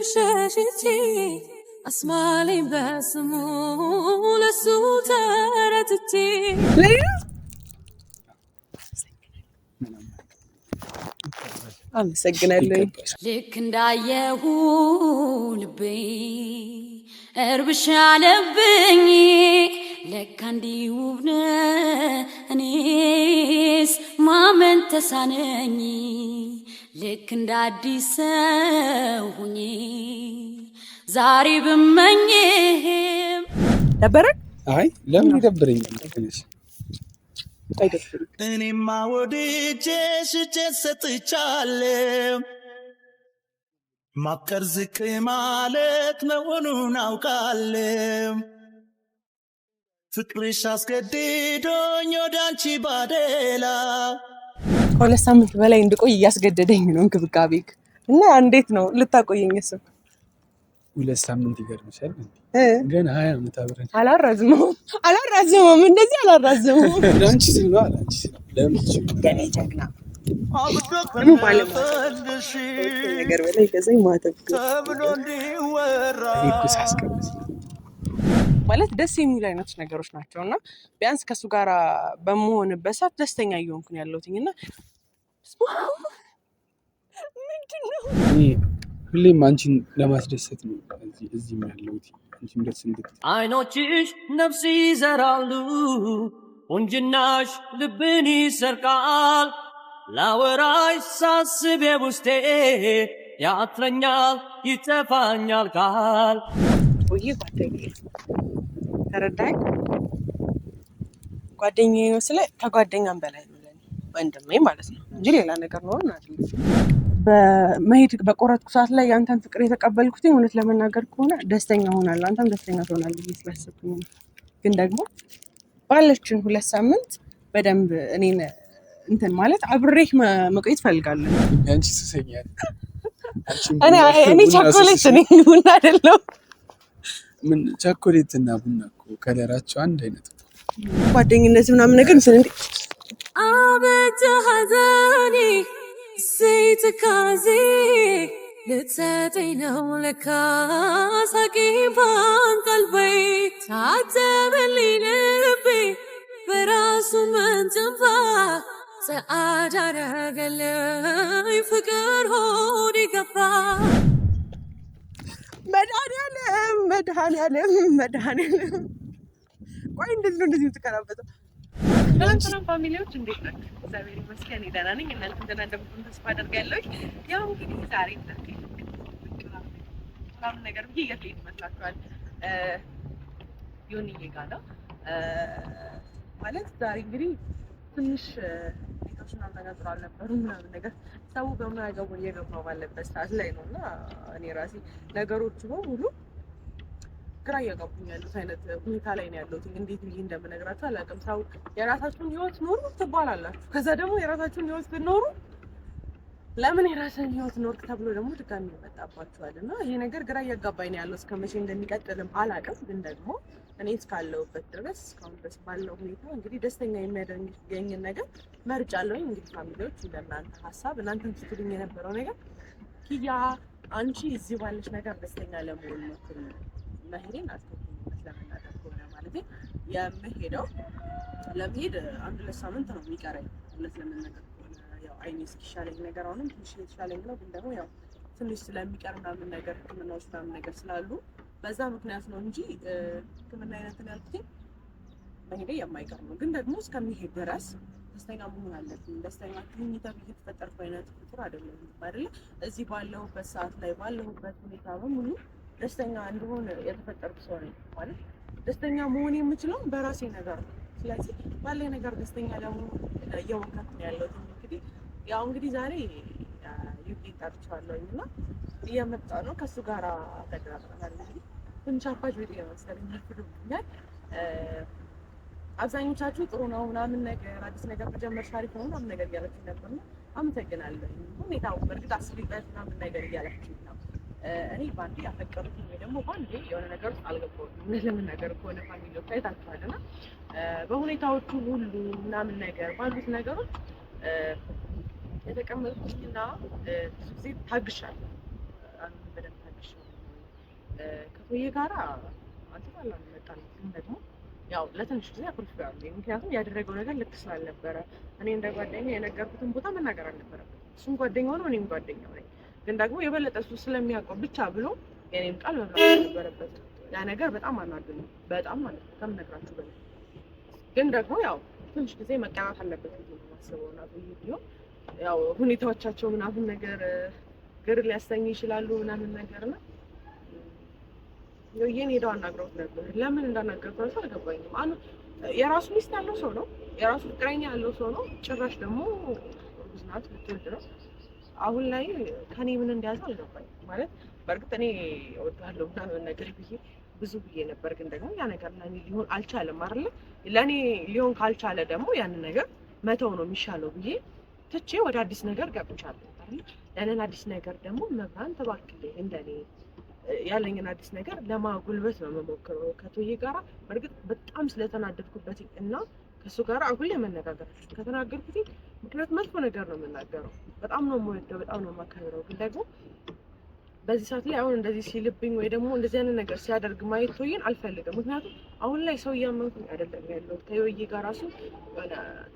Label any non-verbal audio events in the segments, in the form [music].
ልብ ሸሽቼ አስማለኝ በስሙ ለሱ ተረትቼ አመሰግናለሁ። ልክ እንዳየሁ ልቤ እርብሻ ለብኝ ለካ እንዲህ እኔስ ማመን ተሳነኝ። ልክ እንደ አዲስ ሰው ሁኜ ዛሬ ብመኝህም ነበረ። አይ ለምን ይደብረኝ? እኔማ ወድጄ ሽጬ ሰጥቻለሁ። ማፍቀር ዝቅ ማለት መሆኑን አውቃለሁ። ፍቅርሽ አስገድዶኝ ወዳንቺ ባደላ ከሁለት ሳምንት በላይ እንድቆይ እያስገደደኝ ነው እንክብካቤ እና እንዴት ነው ልታቆየኝ? ስም ሁለት ሳምንት ይገርምሻል። ገና ሀያ ዓመት አብረን አላራዝመውም አላራዝመውም እንደዚህ አላራዝመውም። [laughs] በላይ ገዛኝ ማተብ እኔ ማለት ደስ የሚሉ አይነት ነገሮች ናቸው እና ቢያንስ ከእሱ ጋር በመሆንበት ሰዓት ደስተኛ እየሆንኩን ያለሁትኝ እና ሁሌም አንቺን ለማስደሰት ነው እዚህ ያለሁት። አንቺም ደስ አይኖችሽ ነፍስ ይዘራሉ፣ ቁንጅናሽ ልብን ይሰርቃል። ላወራሽ ሳስቤ ውስጤ ያትረኛል ይጠፋኛል ቃል ተረዳኝ። ጓደኛዬ ነው ስለ ከጓደኛም በላይ ነው ለእኔ ወንድሜ ማለት ነው እንጂ ሌላ ነገር ኖሮ ናት። በመሄድ በቆረጥኩ ሰዓት ላይ የአንተን ፍቅር የተቀበልኩት እውነት ለመናገር ከሆነ ደስተኛ ሆናለሁ፣ አንተም ደስተኛ ትሆናለህ ብዬ ስላሰብኩኝ ነው። ግን ደግሞ ባለችን ሁለት ሳምንት በደንብ እኔን እንትን ማለት አብሬህ መቆየት ፈልጋለሁ። ያንቺ ስሰኛል እኔ ቻኮሌት እኔ ቡና አይደለም ምን ቻኮሌት እና ቡና ከለራቸው አንድ አይነት ጓደኝነት ምናምን ነገር ስ አበጀ ሀዘኔ ሴት ካዜ ልትሰጠኝ ነው ለካ ሳቂ ባንቀልቤ ልቤ በራሱ መንጭንፋ ፀአድ አደረገልኝ ፍቅር ሆድ ይገባ መድኃኔዓለም መድኃኔዓለም መድኃኔዓለም ቆይ እንደዚህ ነው እንደዚህ የምትከራበተው። ሰላም ፋሚሊዎች እንዴት ናችሁ? እግዚአብሔር ይመስገን ደህና ነኝ። እናንተም ደህና እንደምትሆኑ ተስፋ አደርጋለሁ። ያው እንግዲህ ዛሬ ምናምን ነገር ብዬ የት ልሄድ ይመስላችኋል? ዮኒዬ ጋር ነው ማለት ዛሬ እንግዲህ ትንሽ ቤቶች ምናምን ነገር ጥሩ ምናምን ነገር ሰው በማያገቡን እየገባ ባለበት ሰዓት ላይ ነው እና እኔ ራሴ ነገሮቹ ። በሙሉ ግራ እያጋቡኝ ያሉት አይነት ሁኔታ ላይ ነው ያለሁት። እንዴት ብዬ እንደምነግራቸው አላውቅም። ሰው የራሳችሁን ህይወት ኖሩ ትባላላችሁ። ከዛ ደግሞ የራሳችሁን ህይወት ብትኖሩ ለምን የራስን ህይወት ኖርክ ተብሎ ደግሞ ድጋሚ ይመጣባችኋል። እና ይሄ ነገር ግራ እያጋባኝ ነው ያለው። እስከ መቼ እንደሚቀጥልም አላውቅም። ግን ደግሞ እኔ እስካለሁበት ድረስ እስካሁን ድረስ ባለው ሁኔታ እንግዲህ ደስተኛ የሚያደርገኝን ነገር መርጫለሁኝ። እንግዲህ ፋሚሊዎች እንደናንተ ሀሳብ እናንተን ስትሉኝ የነበረው ነገር ኪያ አንቺ እዚህ ባለች ነገር ደስተኛ ለመሆን ነው መሄዴን አልተወኩኝበት ለመናገር ከሆነ ማለት የምሄደው ለመሄድ አንድ ሁለት ሳምንት ነው የሚቀረኝ እውነት ለመናገር ከሆነ ያው አይኔ እስኪሻለኝ ነገር አሁንም ትንሽ እየተሻለኝ ነው፣ ግን ደግሞ ያው ትንሽ ስለሚቀር ምናምን ነገር ሕክምናዎች ምናምን ነገር ስላሉ በዛ ምክንያት ነው እንጂ ሕክምና አይነትን ያልኩት መሄዴ የማይቀር ነው። ግን ደግሞ እስከሚሄድ ድረስ ደስተኛ መሆን አለብኝ። ደስተኛ ክኝ ተብዬ የተፈጠርኩ አይነት ቁጥር አይደለም አይደለ እዚህ ባለሁበት ሰዓት ላይ ባለሁበት ሁኔታ በሙሉ ደስተኛ እንደሆነ የተፈጠርኩ ሰው ነኝ። ማለት ደስተኛ መሆን የምችለው በራሴ ነገር ነው። ስለዚህ ባለኝ ነገር ደስተኛ ለመሆን እየሞከርኩ ነው ያለሁት። እንግዲህ ያው እንግዲህ ዛሬ ዩቢ ጠርቻለሁ እና እየመጣ ነው ከእሱ ጋር ተደራርበናል። እንግዲህ ትንሽ አባጅ ቤት መሰለኝ ብሎኛል። አብዛኞቻችሁ ጥሩ ነው ምናምን ነገር አዲስ ነገር ተጀመር ታሪክ ነው ምናምን ነገር እያለችኝ ነበር። አመሰግናለሁ ሁኔታው በእርግጥ አስቤበት ምናምን ነገር እያለችኝ እኔ ባንዴ ያፈቀሩት ወይ ደግሞ ባንዴ የሆነ ነገር ውስጥ አልገባሁም። እውነት ለመናገር ከሆነ ፋሚሊዎች አይታችኋል እና በሁኔታዎቹ ሁሉ ምናምን ነገር ባሉት ነገሮች የተቀመጡትና ብዙ ጊዜ ታግሻለሁ። አሁን በደንብ ታግሻ ከቶዬ ጋራ አንተባላ መጣን ደግሞ ያው ለትንሽ ጊዜ አኩርፌዋለሁ። ምክንያቱም ያደረገው ነገር ልክ ስላልነበረ እኔ እንደ ጓደኛ የነገርኩትን ቦታ መናገር አልነበረም። እሱም ጓደኛው ነው፣ እኔም ጓደኛው ነኝ። ግን ደግሞ የበለጠ እሱ ስለሚያውቀው ብቻ ብሎ የኔም ቃል መብላት ነበረበት። ያ ነገር በጣም አናድድ ነው፣ በጣም ማለት ነው ከምነግራችሁ በ ግን ደግሞ ያው ትንሽ ጊዜ መቀናት አለበት ማስበው ና ያው ሁኔታዎቻቸው ምናምን ነገር ግር ሊያሰኝ ይችላሉ ምናምን ነገር ነው። ይህን ሄደው አናግረውት ነበር። ለምን እንዳናገርኩ እራሱ አልገባኝም። አ የራሱ ሚስት ያለው ሰው ነው፣ የራሱ ፍቅረኛ ያለው ሰው ነው። ጭራሽ ደግሞ ብዝናት ናት ነው አሁን ላይ ከኔ ምን እንደያዘ አልገባኝ ማለት በእርግጥ እኔ እወዳለሁ ምናምን ነገር ብዬ ብዙ ብዬ ነበር። ግን ደግሞ ያ ነገር ለእኔ ሊሆን አልቻለም አይደለ? ለእኔ ሊሆን ካልቻለ ደግሞ ያንን ነገር መተው ነው የሚሻለው ብዬ ትቼ ወደ አዲስ ነገር ገብቻለሁ አይደለ? ያንን አዲስ ነገር ደግሞ መብራን ተባክልኝ እንደኔ ያለኝን አዲስ ነገር ለማጉልበት ነው የምሞክረው ከቶዬ ጋራ በእርግጥ በጣም ስለተናደድኩበት እና ከእሱ ጋር አሁን ለመነጋገር መነጋገር ከተናገርኩት ምክንያት መጥፎ ነገር ነው የምናገረው። በጣም ነው የምወደው፣ በጣም ነው የማከብረው። ግን ደግሞ በዚህ ሰዓት ላይ አሁን እንደዚህ ሲልብኝ ወይ ደግሞ እንደዚህ አይነት ነገር ሲያደርግ ማየት ቶዬን አልፈልግም። ምክንያቱም አሁን ላይ ሰው እያመንኩኝ አይደለም ያለሁት ከዮዬ ጋር ራሱ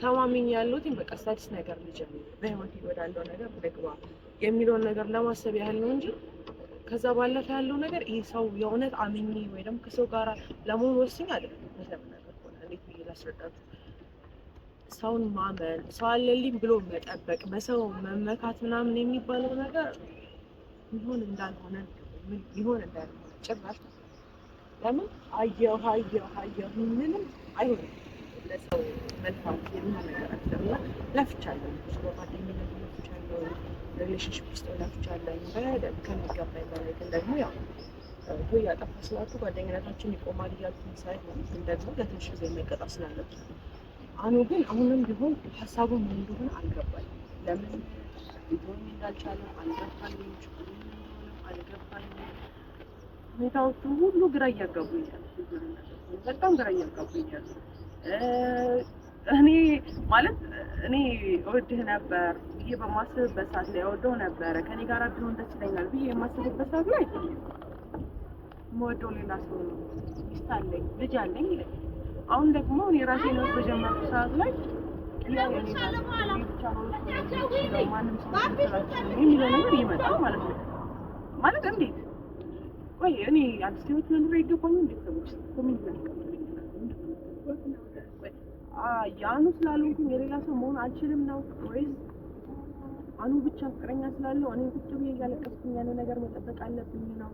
ተማሚኝ ያለሁት በቃ ስታዲስ ነገር ልጀምር በህይወት ወዳለው ነገር ልግባ የሚለውን ነገር ለማሰብ ያህል ነው እንጂ ከዛ ባለፈ ያለው ነገር ይህ ሰው የእውነት አምኜ ወይ ደግሞ ከሰው ጋር ለመሆን ወስኝ አይደለም። ለምን ነገር ሆነ እንዴት ብዬ ሰውን ማመን ሰው አለልኝ ብሎ መጠበቅ በሰው መመካት ምናምን የሚባለው ነገር ሊሆን እንዳልሆነ ሊሆን እንዳልሆነ ጭራሽ ለምን አየሁ አየሁ አየሁ ምንም አይሆንም። ለሰው መልፋት የሚሆን ነገር አለና ለፍቻለሁ፣ በጓደኝነት ለፍቻለሁ፣ ሪሌሽንሽፕ ውስጥ ለፍቻለሁ በደንብ ከሚገባኝ በላይ ግን ደግሞ ያው ወይ ያጠፋ ስላቱ ጓደኝነታችን ይቆማል እያልኩ ሳይሆን ግን ደግሞ ለትንሽ ጊዜ መቀጣ ስላለብን አኑ ግን አሁንም ቢሆን ሀሳቡ ምን እንደሆነ አልገባኝም። ለምን ሊሆን እንዳልቻለው አልገባኝም። ችግሩ አልገባኝም። ሁኔታዎቹ ሁሉ ግራ እያጋቡኛል። በጣም ግራ እያጋቡኛል። እኔ ማለት እኔ እወድህ ነበር ብዬ በማስብበት ሰዓት ላይ እወደው ነበረ ከኔ ጋር ቢሆን ደስ ይለኛል ብዬ የማስብበት ሰዓት ላይ የምወደው ሌላ ሰው ነው። ሚስት አለኝ፣ ልጅ አለኝ ይለኛል አሁን ደግሞ እኔ ራሴ ነው በጀመርኩ ሰዓት ላይ የሚለው ነገር ይመጣል ማለት ነው። ማለት እንዴት ቆይ እኔ አዲስ ህይወት መኖር ይገባኝ እንዴት ሰዎች ኮሚኒ ያኑ ስላልሆንኩኝ የሌላ ሰው መሆን አልችልም ነው ወይስ አኑ ብቻ ፍቅረኛ ስላለው እኔ ቁጭ ብዬ እያለቀስኩኝ ያለ ነገር መጠበቅ አለብኝ ነው?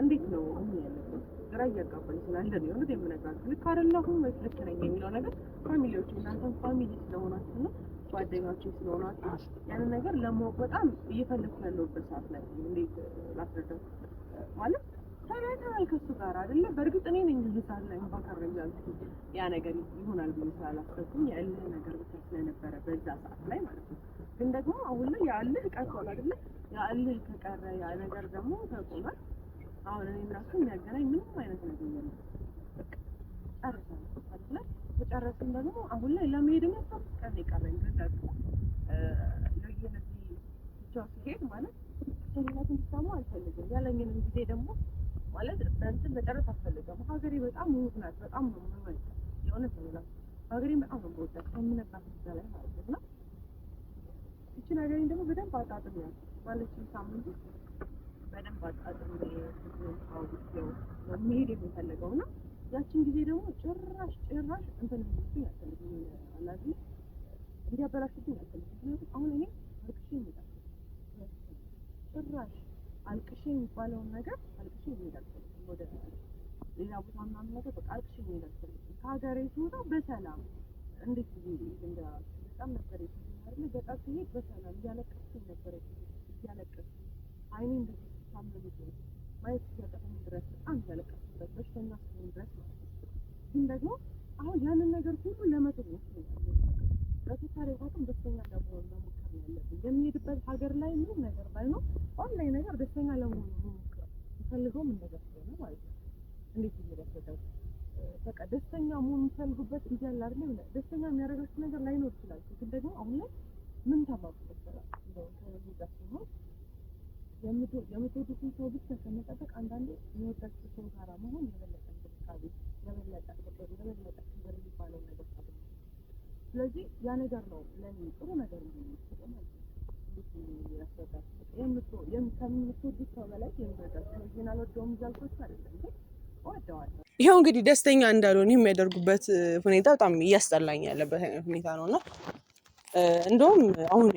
እንዴት ነው እኔ ያለብኝ ግራ እያጋባኝ ስላለ ነው የሆነ የምነግራችሁ። ልክ አይደለሁም ወይስ ልክ ነኝ የሚለው ነገር ፋሚሊዎች፣ እናንተም ፋሚሊ ስለሆናችሁ ነው ጓደኛችሁ ስለሆናችሁ ያንን ነገር ለማወቅ በጣም እየፈለኩ ያለሁበት ሰዓት ላይ እንዴት ላስረዳው ማለት ተናግረናል ከሱ ጋር አይደለ። በእርግጥ እኔ ነኝ ልጅ ሳለ ያ ነገር ይሆናል ብዬ ስላላሰብኩኝ የእልህ ነገር ብቻ ስለነበረ በዛ ሰዓት ላይ ማለት ነው ግን ደግሞ አሁን ላይ ያልህ ቀርቷል አይደለ? ያልህ ከቀረ ያ ነገር ደግሞ ተቆማል። አሁን እኔ እና እሱ የሚያገናኝ ምንም አይነት ነገር የለም። ጨርሰናል አይደለ? ደግሞ አሁን ላይ ለመሄድ ቀን የቀረኝ ግን ደግሞ ለየነዚህ ብቻው ሲሄድ ማለት ሰውነት እንዲሰማ አልፈልግም። ያለኝንም ጊዜ ደግሞ ማለት በእንትን መጨረስ አልፈልግም። ሀገሬ በጣም ውብ ናት። በጣም ነው የምወዳት የእውነት ነው እላችሁ። ሀገሬን በጣም ነው የምወዳት በላይ ማለት ነው። እቺ ነገር ደግሞ በደንብ አጣጥም ያል ባለችን ሳምንት በደንብ አጣጥም ታውቂው መሄድ የሚፈለገው እና ያችን ጊዜ ደግሞ ጭራሽ ጭራሽ እንትን እንዲህ ያልፈልግም አላዚ እንዲያበላሽብኝ አልፈልግም። ምክንያቱም አሁን እኔ አልቅሼ ይሄዳል ጭራሽ አልቅሼ የሚባለውን ነገር አልቅሼ ይሄዳል ወደ ሌላ ቦታ ምናምን ነገር በቃ አልቅሼ ይሄዳል ከሀገሬ ስወጣ በሰላም እንዴት ጊዜ እንደበጣም ነበር አይደለ ገጠር ስሄድ በሰላም እያለቀስኩኝ ነበረ። እያለቀስኩ አይኔ እንደዚህ ሲታመም ማየት እስኪያቅተኝ ድረስ በጣም እያለቀስኩበት በሽተኛ እስክሆን ድረስ ማለት ነው። ግን ደግሞ አሁን ያንን ነገር ሁሉ ለመተው ይመስለኛል። በተቻለኝ አቅም ደስተኛ ለመሆን መሞከር ያለብን የሚሄድበት ሀገር ላይ ምንም ነገር ባይኖር ኦንላይን ነገር ደስተኛ ለመሆን መሞከር የምፈልገውም እንደዛ ስለሆነ ማለት ነው። እንዴት ይሄዳል በቃ ደስተኛ መሆን የምትፈልጉበት ጊዜ አለ አይደል? ደስተኛ የሚያደርጋችሁ ነገር ላይኖር ይችላል። ግን ደግሞ አሁን ላይ ምን ታባቱ የምትወዱትን ሰው ብቻ ከመጠበቅ አንዳንዴ ሰው ጋራ መሆን የበለጠ እንክብካቤ፣ የበለጠ ፍቅር፣ የበለጠ ክብር የሚባለው ነገር ስለዚህ ያ ነገር ነው ለእኔ ጥሩ ነገር የሚመስለው ማለት ነው። ያስረዳል ከምትወዱት ሰው በላይ የሚወዳችሁ ነው። አልወደውም እያልኳችሁ አይደለም ግን ይኸው እንግዲህ ደስተኛ እንዳልሆን የሚያደርጉበት ሁኔታ በጣም እያስጠላኝ ያለበት አይነት ሁኔታ ነው እና እንደውም አሁን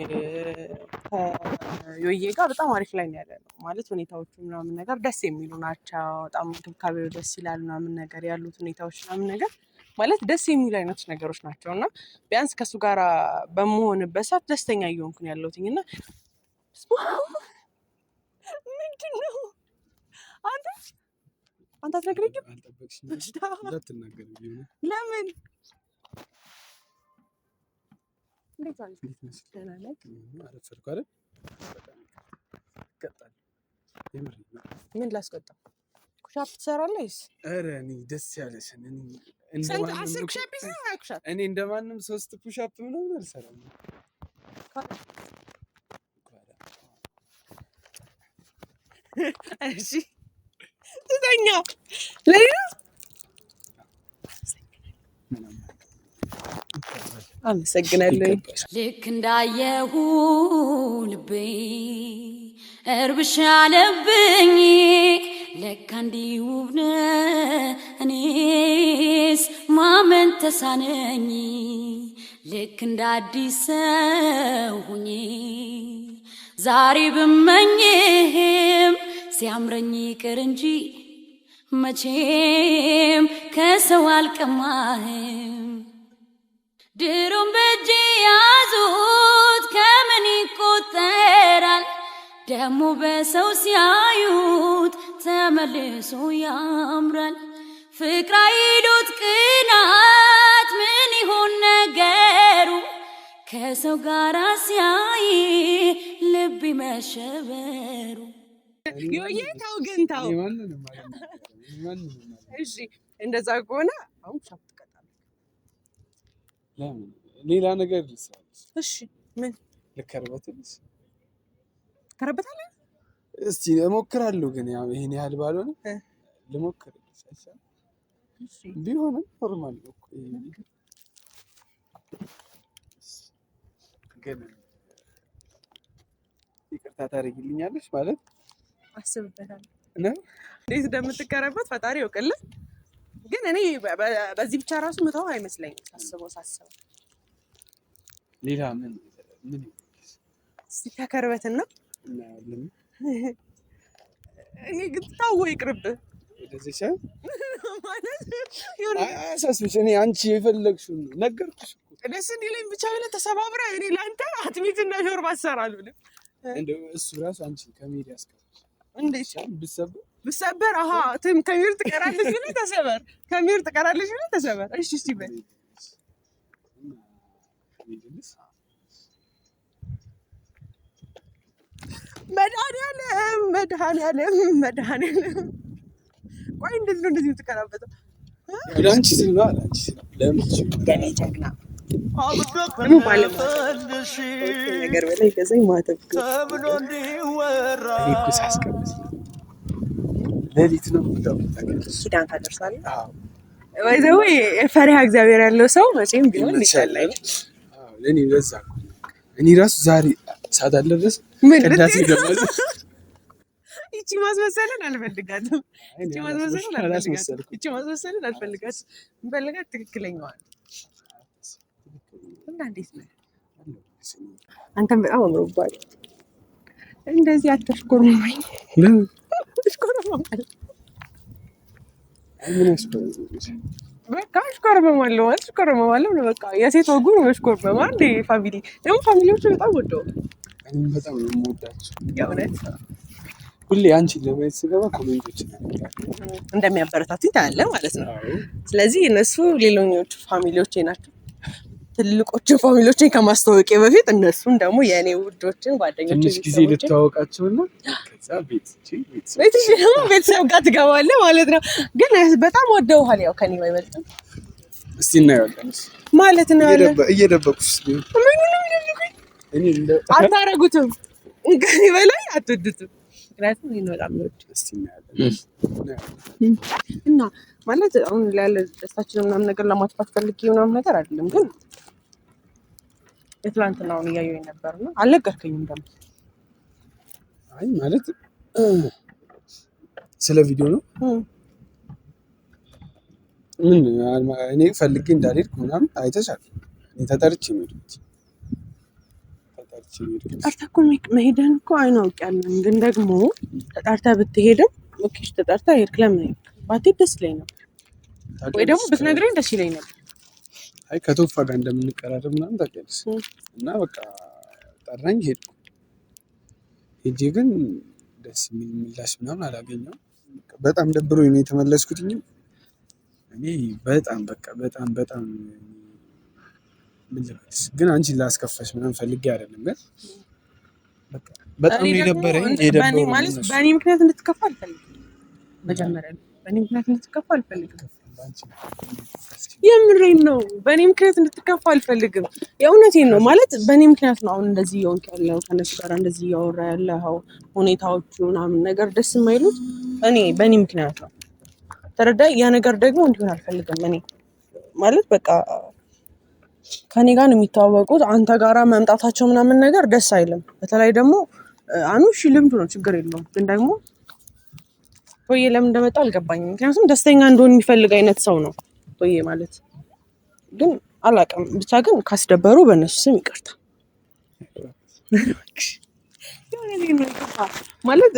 ከዮዬ ጋር በጣም አሪፍ ላይ ያለ ነው ማለት ሁኔታዎቹ ምናምን ነገር ደስ የሚሉ ናቸው። በጣም እንክብካቤው ደስ ይላል ምናምን ነገር ያሉት ሁኔታዎች ምናምን ነገር ማለት ደስ የሚሉ አይነት ነገሮች ናቸው እና ቢያንስ ከእሱ ጋር በመሆንበት ሰዓት ደስተኛ እየሆንኩ ነው ያለሁት እና ምንድን ነው አንተ አንተ አትነግረኝም? ለምን? ምን ላስቆጣ? ኩሻፕ ትሰራለች። ኧረ እኔ ደስ ያለሽ እኔ እንደማንም ሶስት ኩሻፕ ምናምን አልሰራም። እሺ ተኛ አመሰግናለሁ። ልክ እንዳየሁ ልቤ እርብሻ ለብኝ ለካ እንዲህ ውብ ነህ እኔስ ማመን ተሳነኝ። ልክ አዲስ ሰው ሁኜ ዛሬ ብመኝህም ሲያምረኝ ይቅር እንጂ መቼም ከሰው አልቀማህም። ድሮም በእጅ ያዙት ከምን ይቆጠራል? ደሞ በሰው ሲያዩት ተመልሶ ያምራል። ፍቅራ ይሉት ቅናት ምን ይሆን ነገሩ? ከሰው ጋራ ሲያይ ልብ መሸበሩ የታው ግን ታው እሺ፣ እንደዛ ከሆነ አሁን ሻፕ ትቀጣለህ። ሌላ ነገር እሺ፣ ምን ትከረበታለህ? እስቲ እሞክራለሁ፣ ግን ያው ይሄን ያህል ባልሆነ ልሞክር ቢሆንም ኖርማል ግን ይቅርታ ታደርጊልኛለሽ ማለት አስብበታል። እንዴት እንደምትቀረበት ፈጣሪ ይወቅልን። ግን እኔ በዚህ ብቻ ራሱ ምተው አይመስለኝም ሳስበው ሳስበው ሌላ ምን ምን እስቲ ተከርበትና እኔ ግን ታወ ይቅርብ ሳስብሽ እኔ አንቺ የፈለግሽውን ነው ነገርኩሽ። ደስ እንዲለኝ ብቻ ብለህ ተሰባብረ እኔ ለአንተ አትሚትና ሾርባ አሰራል ብለህ እሱ ራሱ አንቺ ከሜዲ ያስከፍልሽ እንዴት ብሰበር ብሰበር አሀ ትም ከሚር ትቀራለች ብለህ ተሰበር፣ ከሚር ትቀራለች ብለህ ተሰበር። እሺ እሺ በል መድኃኒዓለም መድኃኒዓለም መድኃኒዓለም ቆይ፣ እንደዚህ ነው እንደዚህ የምትቀራበጠው ወደ ስል ነው አለ ስል ለምን ለእኔ ጀግና ደግሞ ነገር በላይ ገዛኝ ማተብ ሌሊት ነው ኪዳን ታደርሳለህ። ወይዘዌ ፈሪሃ እግዚአብሔር ያለው ሰው መቼም ቢሆን ይሻላል። እኔ በዛ እኔ ራሱ ዛሬ ሰዓት አልደረስ ቅዳሴ ገባል። ይቺ ማስመሰልን አልፈልጋትም። ይቺ ማስመሰልን አልፈልጋትም። ይቺ ማስመሰልን አልፈልጋትም። እንፈልጋት ትክክለኛዋል እና እንዴት ነው? አንተም በጣም አምሮባል። እንደዚህ አታሽኮርመኝ። በቃ አሽኮርመማለሁ አሽኮርመማለሁ ነው በቃ የሴት ወጉ ነው መሽኮርመማ። እንደ ፋሚሊ ደግሞ ፋሚሊዎች በጣም ወደው በጣም ነው የምወዳቸው የእውነት ሁሌ አንቺን ለማየት ስገባ ኮሜንቶች እንደሚያበረታቱኝ ታያለ ማለት ነው። ስለዚህ እነሱ ሌሎኞቹ ፋሚሊዎች ናቸው። ትልቆቹ ፋሚሊዎችን ከማስታወቂ በፊት እነሱን ደግሞ የእኔ ውዶችን ጓደኞችን ትንሽ ጊዜ ልታወቃቸውና ቤተሰብ ጋር ትገባለ ማለት ነው። ግን በጣም ወደውሃል። ያው ከኔ ባይበልጥም እስቲ እናየዋለን ማለት ነው። ያለ እየደበቁስ አታረጉትም። ከኔ በላይ አትወዱትም። ምክንያቱም ይህን በጣም ወድ እና ማለት አሁን ላይ ደስታችን ምናምን ነገር ለማጥፋት ፈልጌ ምናምን ነገር አይደለም ግን የትላንትናውን እያየሁኝ ነበር እና አልነገርከኝም ደግሞ። አይ ማለት ስለ ቪዲዮ ነው። ምን እኔ ፈልጌ እንዳልሄድኩ ምናምን አይተሻል። ተጠርቼ የሚሄድኩት ተጠርተህ እኮ መሄድህን እኮ አይናውቅያለን፣ ግን ደግሞ ተጠርተህ ብትሄድም ኦኬሽ፣ ተጠርተህ ሄድክ። ለምን ባትሄድ ደስ ይለኝ ነበር፣ ወይ ደግሞ ብትነግረኝ ደስ ይለኝ ነበር። አይ ከቶፋ ጋር እንደምንቀራረብ ምናምን ታውቂያለሽ እና በቃ ጠራኝ ሄድኩ። ሄጄ ግን ደስ የሚል ምላሽ ምናምን አላገኘሁም። በጣም ደብሮ ነው የተመለስኩት። እኔ በጣም በቃ በጣም በጣም ምን ግን አንቺ ላስከፋሽ ምናምን ፈልጌ አይደለም ግን በጣም የደበረኝ የደበረኝ ማለት በእኔ ምክንያት እንድትከፋ አልፈልግም። መጀመሪያ በእኔ ምክንያት እንድትከፋ አልፈልግም። የምሬን ነው። በእኔ ምክንያት እንድትከፋ አልፈልግም። የእውነቴን ነው ማለት በእኔ ምክንያት ነው። አሁን እንደዚህ እየሆንክ ያለው ከነሱ ጋር እንደዚህ እያወራ ያለው ሁኔታዎቹ ምናምን ነገር ደስ የማይሉት እኔ በእኔ ምክንያት ነው። ተረዳ። ያ ነገር ደግሞ እንዲሆን አልፈልግም። እኔ ማለት በቃ ከኔ ጋር ነው የሚተዋወቁት። አንተ ጋራ መምጣታቸው ምናምን ነገር ደስ አይልም። በተለይ ደግሞ አኑሽ ልምዱ ነው፣ ችግር የለውም ግን ደግሞ ቶዬ ለምን እንደመጣ አልገባኝም። ምክንያቱም ደስተኛ እንደሆን የሚፈልግ አይነት ሰው ነው ቶዬ ማለት ግን አላውቅም። ብቻ ግን ካስደበሩ በእነሱ ስም ይቅርታ ማለት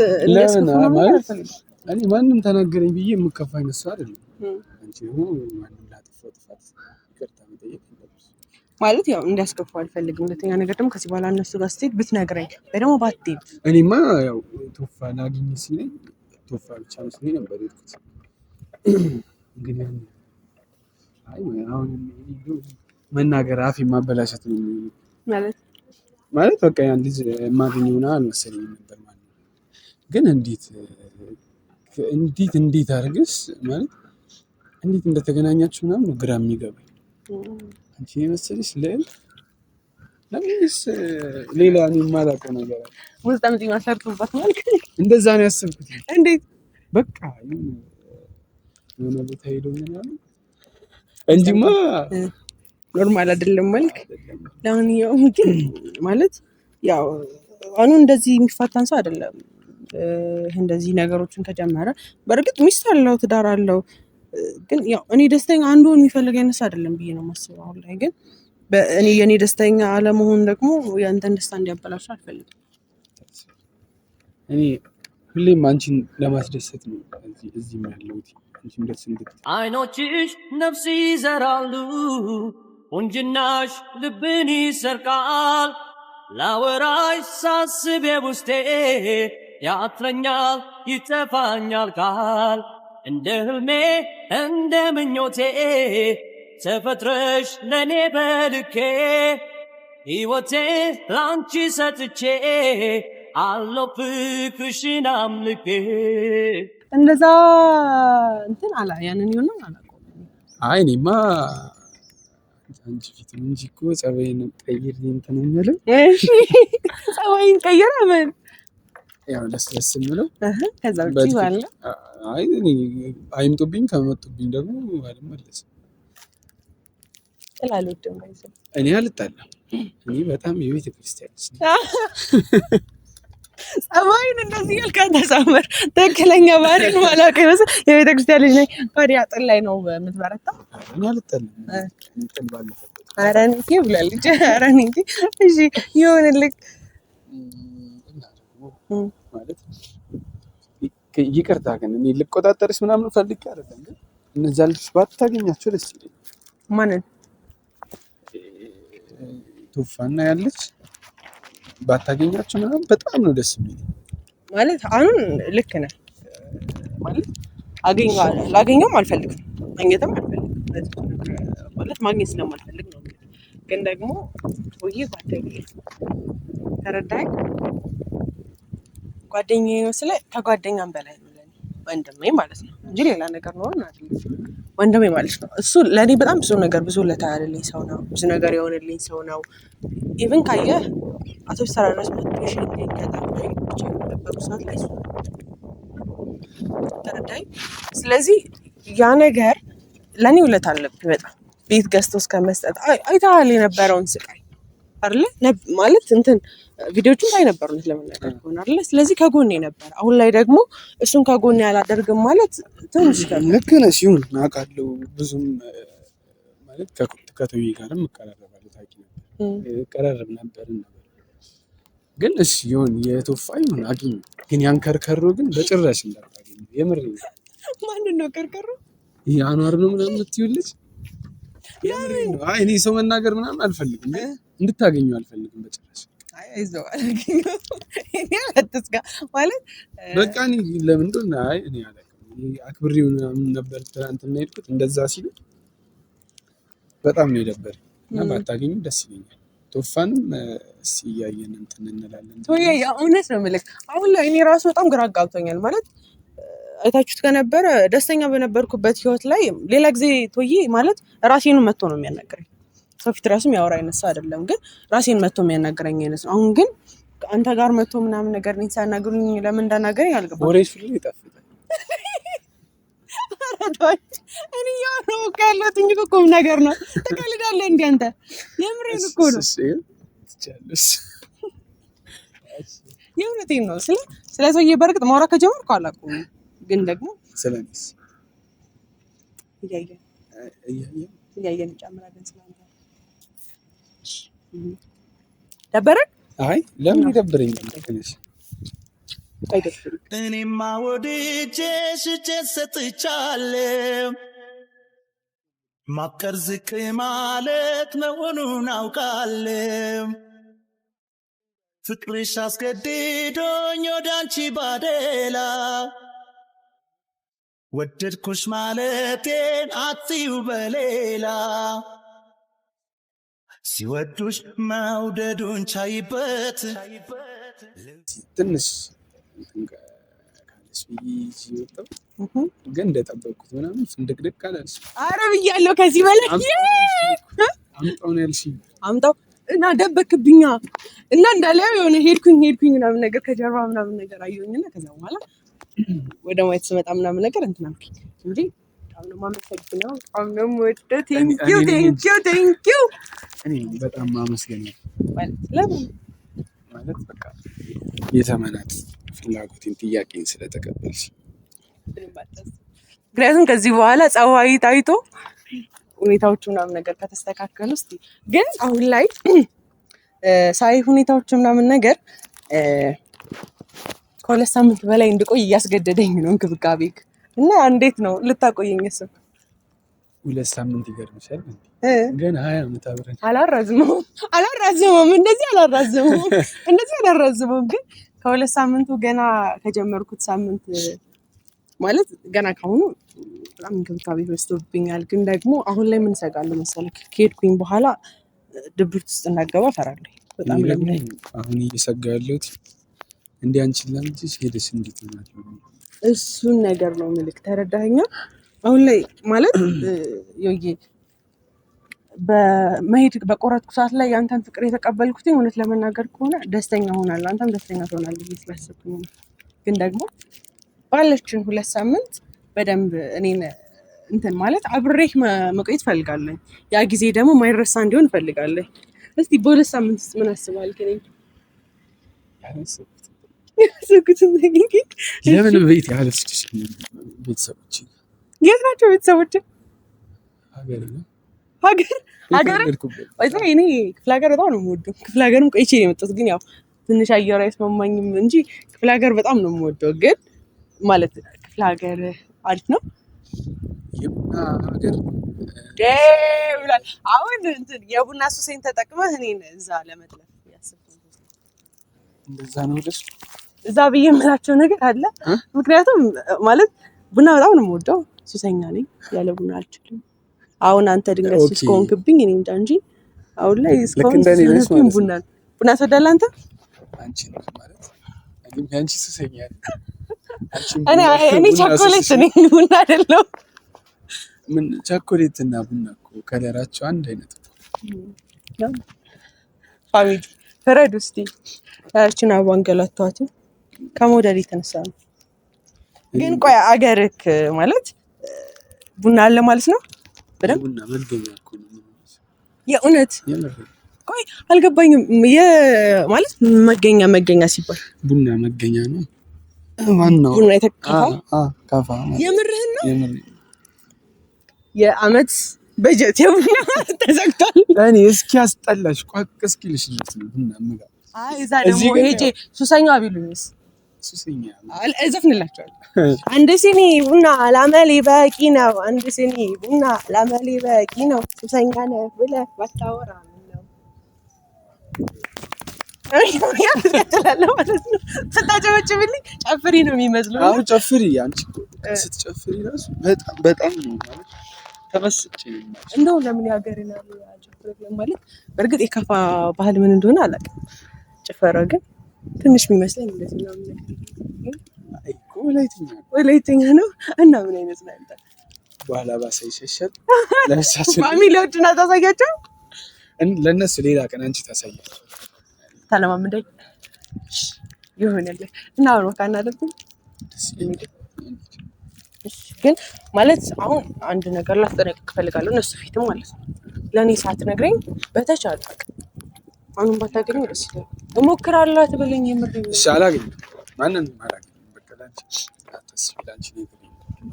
ማንም ተናገረኝ ብዬ የምከፋ አይነት ሰው አይደለም። ማለት ያው እንዲያስከፋ አልፈልግም። ሁለተኛ ነገር ደግሞ ከዚህ በኋላ እነሱ ጋር ስትሄድ ብትነግረኝ ወይ ደግሞ ባትሄድ እኔማ ያው ቶፋ ላግኝ ሲለኝ ቶፋ ብቻ መስሎኝ ነበር የሄድኩት። እንግዲህ አሁን መናገር አፍ የማበላሸት ነው ማለት ማለት በቃ ያን ልጅ የማገኘውና አልመሰለኝም ነበር ማለት ግን እንዴት እንዴት እንዴት አድርገሽ ማለት እንዴት እንደተገናኛችሁ ምናምን ግራ የሚገባኝ አንቺ የመሰለሽ ልዕል ለምንስ ሌላ እኔ የማላውቀው ነገር አለ። ውስጥ አምጪ ማሰርቱበት ማለት እንደዛ ነው ያሰብኩት። እንዴት በቃ የሆነ ቦታ ሄደው እንጂማ ኖርማል አይደለም። መልክ ለአሁን ግን ማለት ያው አሁን እንደዚህ የሚፋታን ሰው አይደለም። እንደዚህ ነገሮችን ከጀመረ በእርግጥ ሚስት አለው ትዳር አለው። ግን ያው እኔ ደስተኛ አንዱ የሚፈልግ አይነት ሰው አይደለም ብዬ ነው የማስበው። አሁን ላይ ግን እኔ የእኔ ደስተኛ አለመሆን ደግሞ የአንተን ደስታ እንዲያበላሽ አልፈልግም እኔ ሁሌም አንቺን ለማስደሰት ነው እዚህም ያለሁት። ደስ እንድት አይኖችሽ ነፍስ ይዘራሉ፣ ቁንጅናሽ ልብን ይሰርቃል። ላወራሽ ሳስቤ ውስጤ ያትረኛል ይጠፋኛል ቃል እንደ ህልሜ እንደ ምኞቴ ተፈጥረሽ ለእኔ በልኬ ሕይወቴ ላንቺ ሰጥቼ አለው ፍቅርሽን አምልኬ እንደዛ እንትን አላ ያንን ይሆን አላውቀውም። አይ እኔማ አንቺ ፊት እንጂ እኮ ጸባይን ቀይር እንትን የሚለው እሺ፣ ጸባይን ቀይር ምን ያው ለስለስ የምለው ከዛ ውጪ ባለ አይ እኔ አይምጡብኝ፣ ከመጡብኝ ደግሞ አልመለስም። ጥላሉ ደግሞ እኔ አልጣላም። እኔ በጣም የቤተ ክርስቲያን [laughs] ጸባይን እንደዚህ ያልካን ተሳመር ትክክለኛ ባህሪን ማላውቅ ይመስል የቤተ ክርስቲያን ልጅ ነኝ። ታዲያ ጥል ላይ ነው የምትበረታው? ኧረ እንጂ ብላለች። ኧረ እንጂ እሺ ይሁንልህ። ይቅርታ ግን እኔ ልቆጣጠርሽ ምናምን ፈልጌ አይደለም፣ ግን እነዚያ ልጆች ባታገኛቸው ደስ ይለኛል። ማንን? ቱፋና ያለች ባታገኛቸው ምናምን በጣም ነው ደስ የሚል። ማለት አሁን ልክ ነህ ማለት ላገኘውም አልፈልግም ማግኘትም አልፈልግም ማለት ማግኘት ስለማልፈልግ ነው። ግን ደግሞ ወይ ጓደኛ ተረዳኝ ጓደኛ ነው ስለ ከጓደኛም በላይ ነው ለእኔ ወንድሜ ማለት ነው እንጂ ሌላ ነገር ነው ወንድሜ ማለት ነው። እሱ ለእኔ በጣም ብዙ ነገር ብዙ ለታ ያለልኝ ሰው ነው። ብዙ ነገር የሆነልኝ ሰው ነው። ኢቭን ካየህ አቶ ሰራዊት ሞቲቬሽን የሚያጣጣኝ ነበሩ ሰዓት ላይ ተረዳኝ። ስለዚህ ያ ነገር ለእኔ ውለት አለብኝ በጣም ቤት ገዝቶ እስከ መስጠት አይተሃል የነበረውን ስቃይ አለ ማለት እንትን ቪዲዮችን ላይ ነበሩ ለመናገር ከሆነ አለ። ስለዚህ ከጎን ነበር። አሁን ላይ ደግሞ እሱን ከጎን ያላደርግም ማለት ትንሽ ልክ ነህ ሲሆን አውቃለሁ። ብዙም ማለት ከትውይ ጋርም እቀራረባለሁ ታውቂ ነበር ቀረርብ ነበር እና ግን እሺ ይሁን የቶፋ ይሁን አግኝ ግን ያን ከርከሮ ግን በጭራሽ እንዳታገኝ። የምር ማንን ነው ከርከሮ? ይህ አኗር ነው ምናምን ትዩልጅ እኔ ሰው መናገር ምናምን አልፈልግም፣ እንድታገኙ አልፈልግም በጭራሽ። በቃ ለምን እንደሆነ እኔ አክብሬው ምናምን ነበር ትናንት የምሄድኩት እንደዛ ሲሉ በጣም ነው የደበረኝ እና ባታገኙ ደስ ይለኛል። ቶፋንም እያየን እንትን እንላለን። እውነት ነው የምልህ አሁን ላይ እኔ ራሱ በጣም ግራ አጋብቶኛል ማለት አይታችሁት ከነበረ ደስተኛ በነበርኩበት ህይወት ላይ ሌላ ጊዜ ቶዬ ማለት ራሴን መጥቶ ነው የሚያናግረኝ። ሰው ፊት ራሱ የሚያወራ አይነት ሰው አይደለም፣ ግን ራሴን መጥቶ የሚያናግረኝ አይነት ነው። አሁን ግን አንተ ጋር መጥቶ ምናምን ነገር ሳያናግሩኝ ለምን እንዳናገረኝ አልገባም። ወሬ ሱ ይጠፍል [laughs] እኔ እያወራሁ እኮ ያለሁት እኮ ቁም ነገር ነው። ትቀልዳለህ እንደ አንተ የምሬን እኮ ነው። የእውነቴን ነው። ስለ ስለ ሰውዬ በእርግጥ ማውራት ከጀመርኩ አላውቅም፣ ግን ደግሞ ስለሚስ እያየን እያየን እንጨምራለን። ደበረን። አይ ለምን ይደብረኛል? እኔማ ወድጄ ሽጬ ሰጥቻለሁ። ማፍቀር ዝቅ ማለት መሆኑን አውቃለሁ። ፍቅርሽ አስገድዶኝ ወደ ባደላ ወደድኩሽ ማለቴን አትዩ በሌላ ሲወዱሽ መውደዱን ቻይበት ትንሽ ግን እንደጠበቅኩት ምናምን ስንድቅድቅ አላልሽ። ኧረ ብያለሁ። ከዚህ በላይ አምጣው ነው ያልሽኝ። አምጣው እና ደበክብኛ እና እንዳለያው የሆነ ሄድኩኝ ሄድኩኝ ምናምን ነገር ከጀርባ ምናምን ነገር አየሁኝ ከዛ በኋላ ወደ ማየት ስመጣ ምናምን ነገር እንትን አልኩኝ እንጂ በጣም ነው ነው ማለት በቃ የተመናት ፍላጎቴን ጥያቄን ስለተቀበልሽ። ምክንያቱም ከዚህ በኋላ ጸባይ ታይቶ ሁኔታዎቹ ምናምን ነገር ከተስተካከሉ ስ ግን አሁን ላይ [clears throat] ሳይ ሁኔታዎቹ ምናምን ነገር ከሁለት ሳምንት በላይ እንድቆይ እያስገደደኝ ነው እንክብካቤ እና እንዴት ነው ልታቆየኝ? ስ ሁለት ሳምንት ይገርምሻል። ገና ሀያ ዓመት አብረን አላራዝመውም አላራዝመውም እንደዚህ አላራዝመውም [laughs] እንደዚህ አላራዝመውም ግን ከሁለት ሳምንቱ ገና ከጀመርኩት ሳምንት ማለት ገና ከአሁኑ በጣም እንክብካቤ በዝቶብኛል። ግን ደግሞ አሁን ላይ ምን እሰጋለሁ መሰለህ ከሄድኩኝ በኋላ ድብርት ውስጥ እንዳገባ እፈራለሁ። በጣም አሁን እየሰጋ ያለሁት እንዲህ አንቺን ላምጪ ሄደሽ እንዴት ሆናለሁ እሱን ነገር ነው ምልክ ተረዳኸኛ? አሁን ላይ ማለት [clears throat] ዮዬ በመሄድ በቆረጥኩ ሰዓት ላይ የአንተን ፍቅር የተቀበልኩትኝ እውነት ለመናገር ከሆነ ደስተኛ ሆናለሁ፣ አንተም ደስተኛ ትሆናለህ ብዬ ስላሰብኩኝ ነው። ግን ደግሞ ባለችን ሁለት ሳምንት በደንብ እኔን እንትን ማለት አብሬህ መቆየት እፈልጋለሁ። ያ ጊዜ ደግሞ ማይረሳ እንዲሆን እፈልጋለሁ። እስቲ በሁለት ሳምንት ውስጥ ምን አስባል ከኔ ለምን ቤት ያለች ቤተሰቦች የት ናቸው? ቤተሰቦች ሀገር ሀገር እኔ ክፍለ ሀገር በጣም ነው የምወደው። ክፍለ ሀገርም ቆይቼ ነው የመጣሁት፣ ግን ያው ትንሽ አየሩ አይስማማኝም እንጂ ክፍለ ሀገር በጣም ነው የምወደው። ግን ማለት ክፍለ ሀገር አሪፍ ነው። አሁን የቡና ሱሴን ተጠቅመህ እኔን እዛ ለመጥለፍ እንደዛ ነው እዛ ብዬ የምላቸው ነገር አለ። ምክንያቱም ማለት ቡና በጣም ነው የምወደው፣ ሱሰኛ ነኝ። ያለ ቡና አልችልም። አሁን አንተ ድንገት እስከሆንክብኝ እኔ እንጃ እንጂ አሁን ላይ እስካሁን ቡና ቡና ትወዳለህ አንተ? እኔ ቸኮሌት እኔ ቡና አይደለም። ምን ቸኮሌት እና ቡና እኮ ከለራቸው አንድ አይነት ፋሚሊ ፍረድ ውስጥ ያችን አበባን ገላቷት ከመውደድ የተነሳ ነው። ግን ቆይ አገርክ ማለት ቡና አለ ማለት ነው የእውነት ቆይ አልገባኝም። ማለት መገኛ መገኛ ሲባል ቡና መገኛ ነው። ቡና የተካፋ የምርህን ነው። የአመት በጀት የቡና ተዘግቷል። እኔ እስኪ ቋቅ ቢሉኝስ እዘፍንላቸዋለሁ። አንድ ሲኒ ቡና ላመሌ በቂ ነው። አንድ ሲኒ ቡና ላመሌ በቂ ነው። ሱሰኛ ነህ ብለህ ባታወራ ነው። ስታጨበጭብልኝ ጨፍሪ ነው የሚመስለው። አሁን ጨፍሪ፣ አንቺ ስትጨፍሪ ራሱ በጣም በጣም ነው እንደው ለምን ማለት በእርግጥ የከፋ ባህል ምን እንደሆነ አላውቅም። ጭፈራ ግን ትንሽ የሚመስለኝ እንደዚህ ነው። ወላይተኛ ነው እና ምን አይነት ነው ያንተ? በኋላ ባሳ ይሸሸል ፋሚሊዎች እና ታሳያቸው ለእነሱ ሌላ ቀን አንቺ ታሳያቸው። ታለማምደኝ ይሆንልህ እና አሁን ወካ እናደርግም ግን ማለት አሁን አንድ ነገር ላስጠነቅቅ እፈልጋለሁ እነሱ ፊትም ማለት ነው ለእኔ ሳትነግረኝ በተቻለ አሁንም ባታገኘው ደስ ይላል። እሞክራለሁ ብልኝ የምር እሺ፣ አላገኝም ማንንም አላገኝም። በቃ ላንቺ ተስፋላንቺ ነው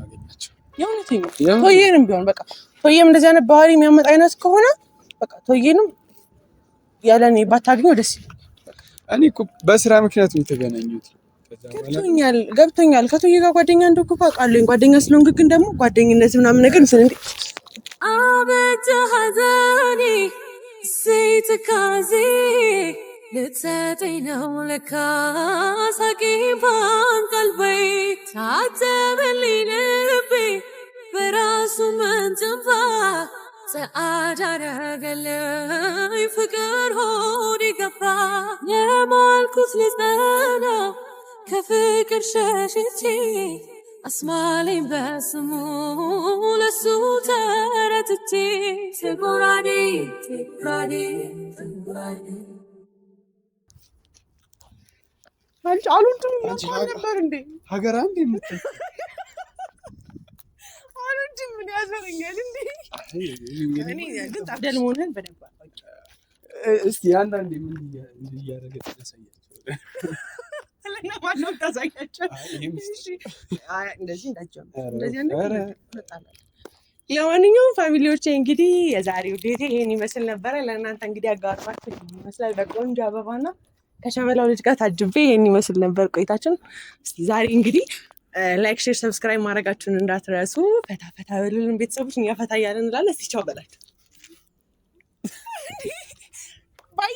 ማገኛቸው የእውነቴን ነው። ቶዬንም ቢሆን በቃ ቶዬም እንደዚህ አይነት ባህሪ የሚያመጣ አይነት ከሆነ በቃ ቶዬንም ያለ እኔ ባታገኘው ደስ ይላል። እኔ እኮ በስራ ምክንያት ነው የተገናኙት። ገብቶኛል ገብቶኛል። ከቶዬ ጋር ጓደኛ እንደሆንኩ አውቃለሁ። ጓደኛ ስለሆንክ ግን ደግሞ ጓደኝነት ምናምን ነገር ስለ አቤት ሐዘኔ ሴት ካዜ ልትሰጠኝ ነው ለካ ሳቂ ባንቀልበይ ታተበልኝ ልቤ በራሱ መንትንፋ ጸአዳ ረገለይ ፍቅር ሆድ ይገባ የማልኩት ልጸና ከፍቅር ሸሽቼ አስማለኝ በስሙ ለሱ ተረትቼ ቴጎራዴ ቴጎራዴ ቴጎራዴ አልጫሉ እንትን ነበር እንዴ ሀገራ እንዴ ምት አሉ ምን ያዘረኛል እንዴ ግን በደንብ እስቲ አንዳንዴ ምን እያደረገ ያሳያቸው ለማንኛውም ፋሚሊዎች እንግዲህ የዛሬው ዴቴ ይሄን ይመስል ነበረ። ለእናንተ እንግዲህ አጋሯችሁ ይመስላል በቆንጆ አበባና ከሸመላ ልጅ ጋር ታጅቤ ይሄን ይመስል ነበር ቆይታችን። ዛሬ እንግዲህ ላይክ፣ ሼር፣ ሰብስክራይብ ማድረጋችሁን እንዳትረሱ። ፈታ ፈታ በሉልን ቤተሰቦች፣ እኛ ፈታ እያለን እንላለን። እስቲ ቻው በላችሁ ባይ